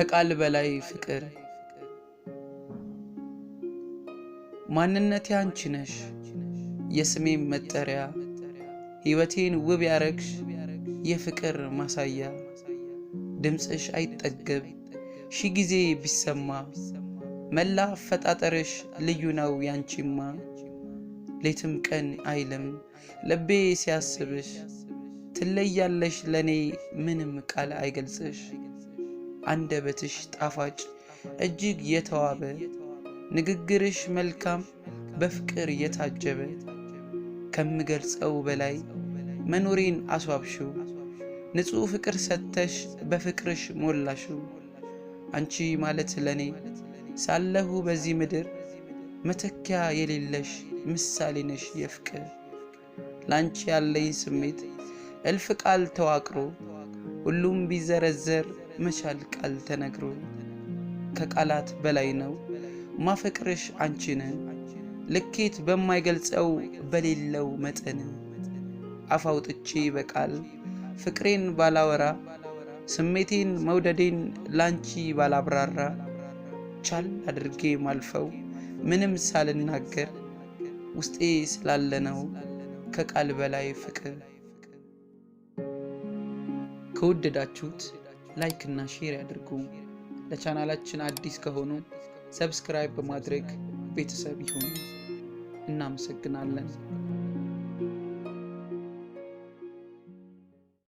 ከቃል በላይ ፍቅር ማንነቴ አንቺ ነሽ የስሜን መጠሪያ ሕይወቴን ውብ ያረግሽ የፍቅር ማሳያ ድምፅሽ አይጠገብ ሺ ጊዜ ቢሰማ መላ አፈጣጠርሽ ልዩ ነው ያንቺማ ሌትም ቀን አይልም ልቤ ሲያስብሽ ትለያለሽ ለእኔ ምንም ቃል አይገልጽሽ አንደበትሽ ጣፋጭ እጅግ የተዋበ ንግግርሽ መልካም በፍቅር የታጀበ ከምገልጸው በላይ መኖሬን አስዋብሽው ንጹሕ ፍቅር ሰጥተሽ በፍቅርሽ ሞላሽው። አንቺ ማለት ለእኔ ሳለሁ በዚህ ምድር መተኪያ የሌለሽ ምሳሌ ነሽ የፍቅር ላንቺ ያለኝ ስሜት እልፍ ቃል ተዋቅሮ ሁሉም ቢዘረዘር መቻል ቃል ተነግሮ ከቃላት በላይ ነው። ማፈቅርሽ አንቺን ልኬት በማይገልጸው በሌለው መጠን አፋውጥቺ በቃል ፍቅሬን ባላወራ ስሜቴን መውደዴን ላንቺ ባላብራራ ቻል አድርጌ ማልፈው ምንም ሳልናገር ውስጤ ስላለ ነው ከቃል በላይ ፍቅር። ከወደዳችሁት ላይክ እና ሼር ያድርጉ። ለቻናላችን አዲስ ከሆኑ ሰብስክራይብ በማድረግ ቤተሰብ ይሁኑ። እናመሰግናለን።